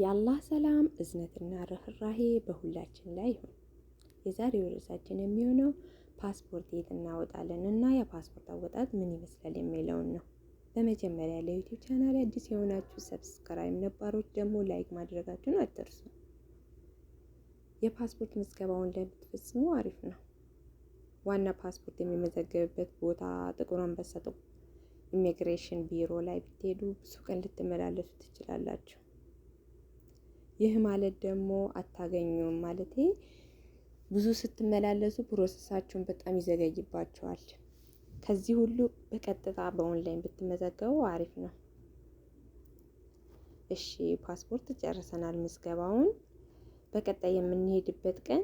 የአላህ ሰላም እዝነትና ርህራሄ በሁላችን ላይ ይሁን። የዛሬው ርዕሳችን የሚሆነው ፓስፖርት የት እናወጣለን እና የፓስፖርት አወጣት ምን ይመስላል የሚለውን ነው። በመጀመሪያ ለዩቲዩብ ቻናል አዲስ የሆናችሁ ሰብስክራይብ፣ ነባሮች ደግሞ ላይክ ማድረጋችሁን አትርሱ። የፓስፖርት ምዝገባውን ለምትፈጽሙ አሪፍ ነው። ዋና ፓስፖርት የሚመዘገብበት ቦታ ጥቁር አንበሳ ኢሚግሬሽን ቢሮ ላይ ብትሄዱ ብዙ ቀን ልትመላለሱ ትችላላችሁ። ይህ ማለት ደግሞ አታገኙም ማለቴ ብዙ ስትመላለሱ ፕሮሰሳችሁን በጣም ይዘገይባችኋል። ከዚህ ሁሉ በቀጥታ በኦንላይን ብትመዘገቡ አሪፍ ነው። እሺ ፓስፖርት ጨርሰናል ምዝገባውን። በቀጣይ የምንሄድበት ቀን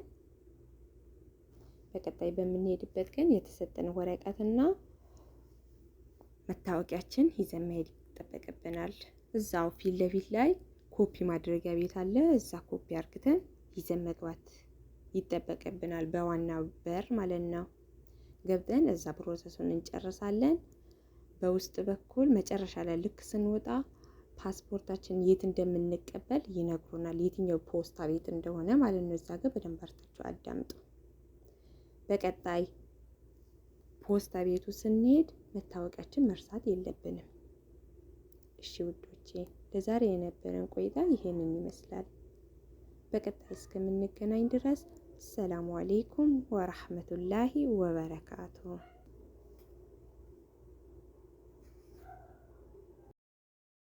በቀጣይ በምንሄድበት ቀን የተሰጠን ወረቀትና መታወቂያችን ይዘን መሄድ ይጠበቅብናል። እዛው ፊት ለፊት ላይ ኮፒ ማድረጊያ ቤት አለ። እዛ ኮፒ አርግተን ይዘን መግባት ይጠበቅብናል። በዋናው በር ማለት ነው። ገብተን እዛ ፕሮሰሱን እንጨርሳለን። በውስጥ በኩል መጨረሻ ላይ ልክ ስንወጣ ፓስፖርታችን የት እንደምንቀበል ይነግሩናል። የትኛው ፖስታ ቤት እንደሆነ ማለት ነው። እዛ ጋር በደንብ አርታችሁ አዳምጡ። በቀጣይ ፖስታ ቤቱ ስንሄድ መታወቂያችን መርሳት የለብንም። እሺ ውዶች። ተመልካቾቼ ለዛሬ የነበረን ቆይታ ይሄንን ይመስላል። በቀጣይ እስከምንገናኝ ድረስ ሰላሙ አሌይኩም ወራህመቱላሂ ወበረካቱ።